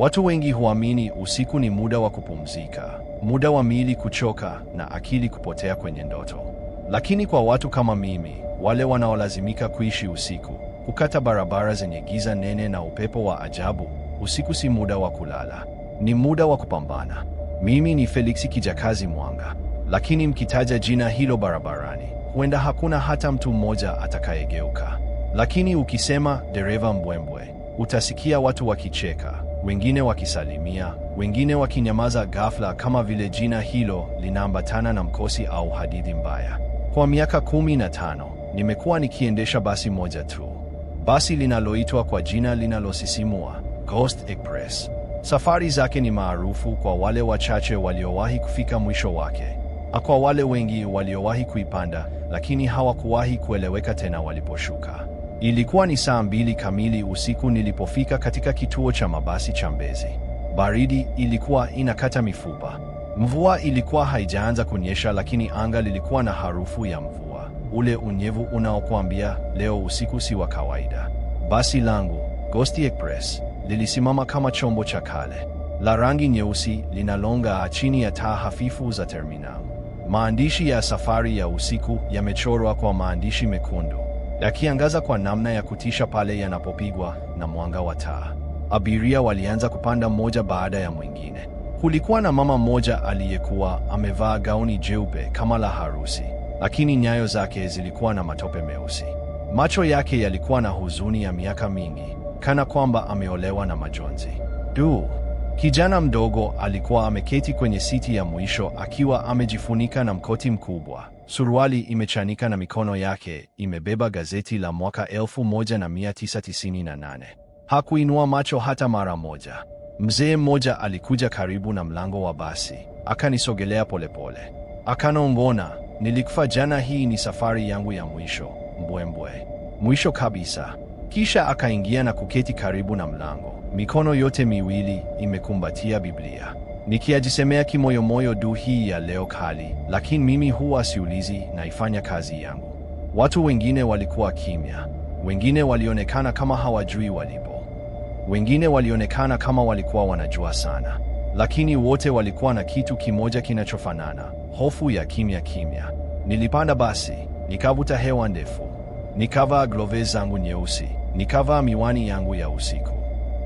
Watu wengi huamini usiku ni muda wa kupumzika, muda wa miili kuchoka na akili kupotea kwenye ndoto. Lakini kwa watu kama mimi, wale wanaolazimika kuishi usiku, kukata barabara zenye giza nene na upepo wa ajabu, usiku si muda wa kulala, ni muda wa kupambana. Mimi ni Felix Kijakazi Mwanga, lakini mkitaja jina hilo barabarani, huenda hakuna hata mtu mmoja atakayegeuka. Lakini ukisema dereva mbwembwe, utasikia watu wakicheka wengine wakisalimia, wengine wakinyamaza ghafla, kama vile jina hilo linaambatana na mkosi au hadithi mbaya. Kwa miaka kumi na tano nimekuwa nikiendesha basi moja tu, basi linaloitwa kwa jina linalosisimua Ghost Express. Safari zake ni maarufu kwa wale wachache waliowahi kufika mwisho wake, na kwa wale wengi waliowahi kuipanda lakini hawakuwahi kueleweka tena waliposhuka. Ilikuwa ni saa mbili kamili usiku nilipofika katika kituo cha mabasi cha Mbezi. Baridi ilikuwa inakata mifupa. Mvua ilikuwa haijaanza kunyesha, lakini anga lilikuwa na harufu ya mvua, ule unyevu unaokuambia leo usiku si wa kawaida. Basi langu Ghost Express lilisimama kama chombo cha kale la rangi nyeusi linalonga chini ya taa hafifu za terminal. Maandishi ya safari ya usiku yamechorwa kwa maandishi mekundu yakiangaza kwa namna ya kutisha pale yanapopigwa na mwanga wa taa. Abiria walianza kupanda mmoja baada ya mwingine. Kulikuwa na mama mmoja aliyekuwa amevaa gauni jeupe kama la harusi, lakini nyayo zake zilikuwa na matope meusi. Macho yake yalikuwa na huzuni ya miaka mingi, kana kwamba ameolewa na majonzi. Du! Kijana mdogo alikuwa ameketi kwenye siti ya mwisho akiwa amejifunika na mkoti mkubwa. Suruali imechanika na mikono yake imebeba gazeti la mwaka 1998. Hakuinua macho hata mara moja. Mzee mmoja alikuja karibu na mlango wa basi, akanisogelea polepole, akanong'ona, nilikufa jana, hii ni safari yangu ya mwisho, mbwembwe, mwisho kabisa. Kisha akaingia na kuketi karibu na mlango, mikono yote miwili imekumbatia Biblia nikiajisemea kimoyomoyo du hii ya leo kali, lakini mimi huwa siulizi, naifanya kazi yangu. Watu wengine walikuwa kimya, wengine walionekana kama hawajui walipo, wengine walionekana kama walikuwa wanajua sana, lakini wote walikuwa na kitu kimoja kinachofanana, hofu ya kimya kimya. Nilipanda basi, nikavuta hewa ndefu, nikavaa glove zangu nyeusi, nikavaa miwani yangu ya usiku.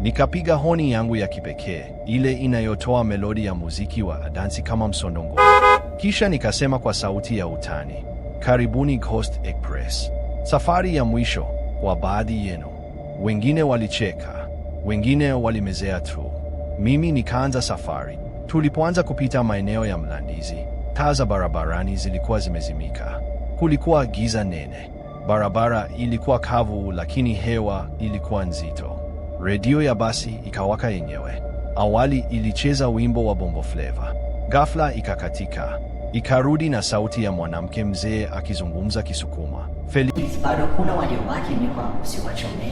Nikapiga honi yangu ya kipekee, ile inayotoa melodi ya muziki wa dansi kama msonongo. Kisha nikasema kwa sauti ya utani, karibuni Ghost Express, safari ya mwisho wa baadhi yenu. Wengine walicheka, wengine walimezea tu. Mimi nikaanza safari. Tulipoanza kupita maeneo ya Mlandizi, taa za barabarani zilikuwa zimezimika. Kulikuwa giza nene, barabara ilikuwa kavu, lakini hewa ilikuwa nzito redio ya basi ikawaka yenyewe. Awali ilicheza wimbo wa Bongo Flava, ghafla ikakatika, ikarudi na sauti ya mwanamke mzee akizungumza Kisukuma. Felix, bado kuna waliobaki, ni kwa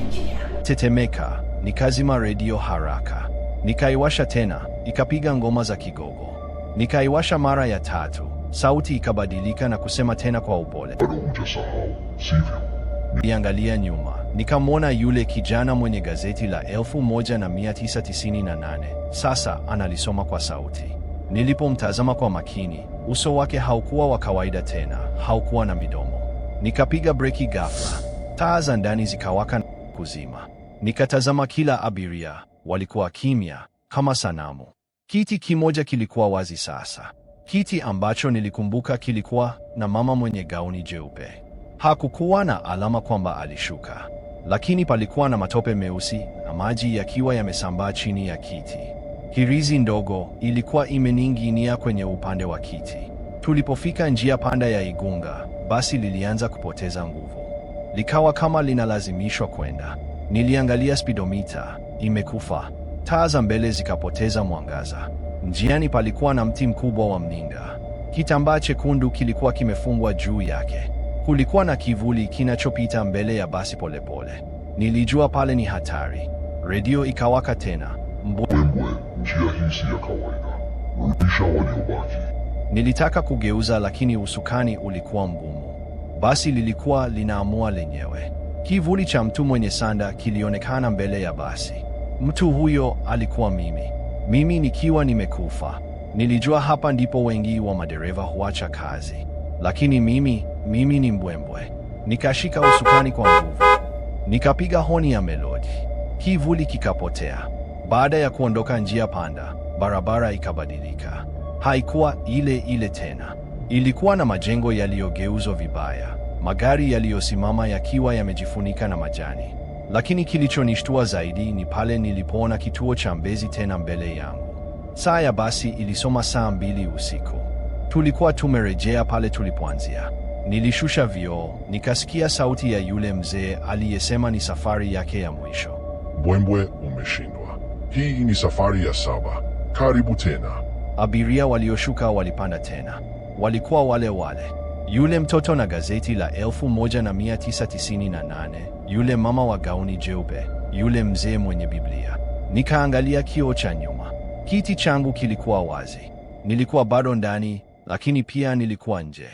njia. Tetemeka, nikazima redio haraka, nikaiwasha tena, ikapiga ngoma za Kigogo. Nikaiwasha mara ya tatu, sauti ikabadilika na kusema tena kwa upole, bado hujasahau sivyo? Niangalia nyuma nikamwona yule kijana mwenye gazeti la 1998 sasa analisoma kwa sauti. Nilipomtazama kwa makini, uso wake haukuwa wa kawaida tena, haukuwa na midomo. Nikapiga breki ghafla, taa za ndani zikawaka kuzima. Nikatazama kila abiria, walikuwa kimya kama sanamu. Kiti kimoja kilikuwa wazi sasa, kiti ambacho nilikumbuka kilikuwa na mama mwenye gauni jeupe. Hakukuwa na alama kwamba alishuka lakini palikuwa na matope meusi na maji yakiwa yamesambaa chini ya kiti. Kirizi ndogo ilikuwa imening'inia kwenye upande wa kiti. Tulipofika njia panda ya Igunga, basi lilianza kupoteza nguvu, likawa kama linalazimishwa kwenda. Niliangalia spidomita, imekufa. Taa za mbele zikapoteza mwangaza. Njiani palikuwa na mti mkubwa wa mninga, kitambaa chekundu kilikuwa kimefungwa juu yake. Kulikuwa na kivuli kinachopita mbele ya basi polepole pole. Nilijua pale ni hatari. Redio ikawaka tena. Mbwembwe, njia hii si ya kawaida, rudisha waliobaki. Nilitaka kugeuza, lakini usukani ulikuwa mgumu. Basi lilikuwa linaamua lenyewe. Kivuli cha mtu mwenye sanda kilionekana mbele ya basi. Mtu huyo alikuwa mimi, mimi nikiwa nimekufa. Nilijua hapa ndipo wengi wa madereva huacha kazi, lakini mimi mimi ni mbwembwe. Nikashika usukani kwa nguvu, nikapiga honi ya melodi, kivuli kikapotea. Baada ya kuondoka njia panda, barabara ikabadilika. Haikuwa ile ile tena, ilikuwa na majengo yaliyogeuzwa vibaya, magari yaliyosimama yakiwa yamejifunika na majani. Lakini kilichonishtua zaidi ni pale nilipoona kituo cha Mbezi tena mbele yangu. Saa ya basi ilisoma saa mbili usiku. Tulikuwa tumerejea pale tulipoanzia. Nilishusha vioo, nikasikia sauti ya yule mzee aliyesema ni safari yake ya mwisho. bwembwe umeshindwa. Hii ni safari ya saba. Karibu tena. Abiria walioshuka walipanda tena. Walikuwa wale wale. Yule mtoto na gazeti la 1998, yule mama wa gauni jeupe, yule mzee mwenye Biblia. Nikaangalia kioo cha nyuma. Kiti changu kilikuwa wazi. Nilikuwa bado ndani, lakini pia nilikuwa nje.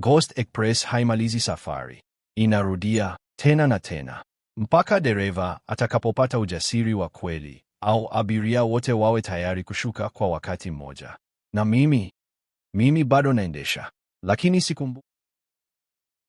Ghost Express haimalizi safari, inarudia tena na tena mpaka dereva atakapopata ujasiri wa kweli, au abiria wote wawe tayari kushuka kwa wakati mmoja. Na mimi mimi bado naendesha, lakini sikumbuki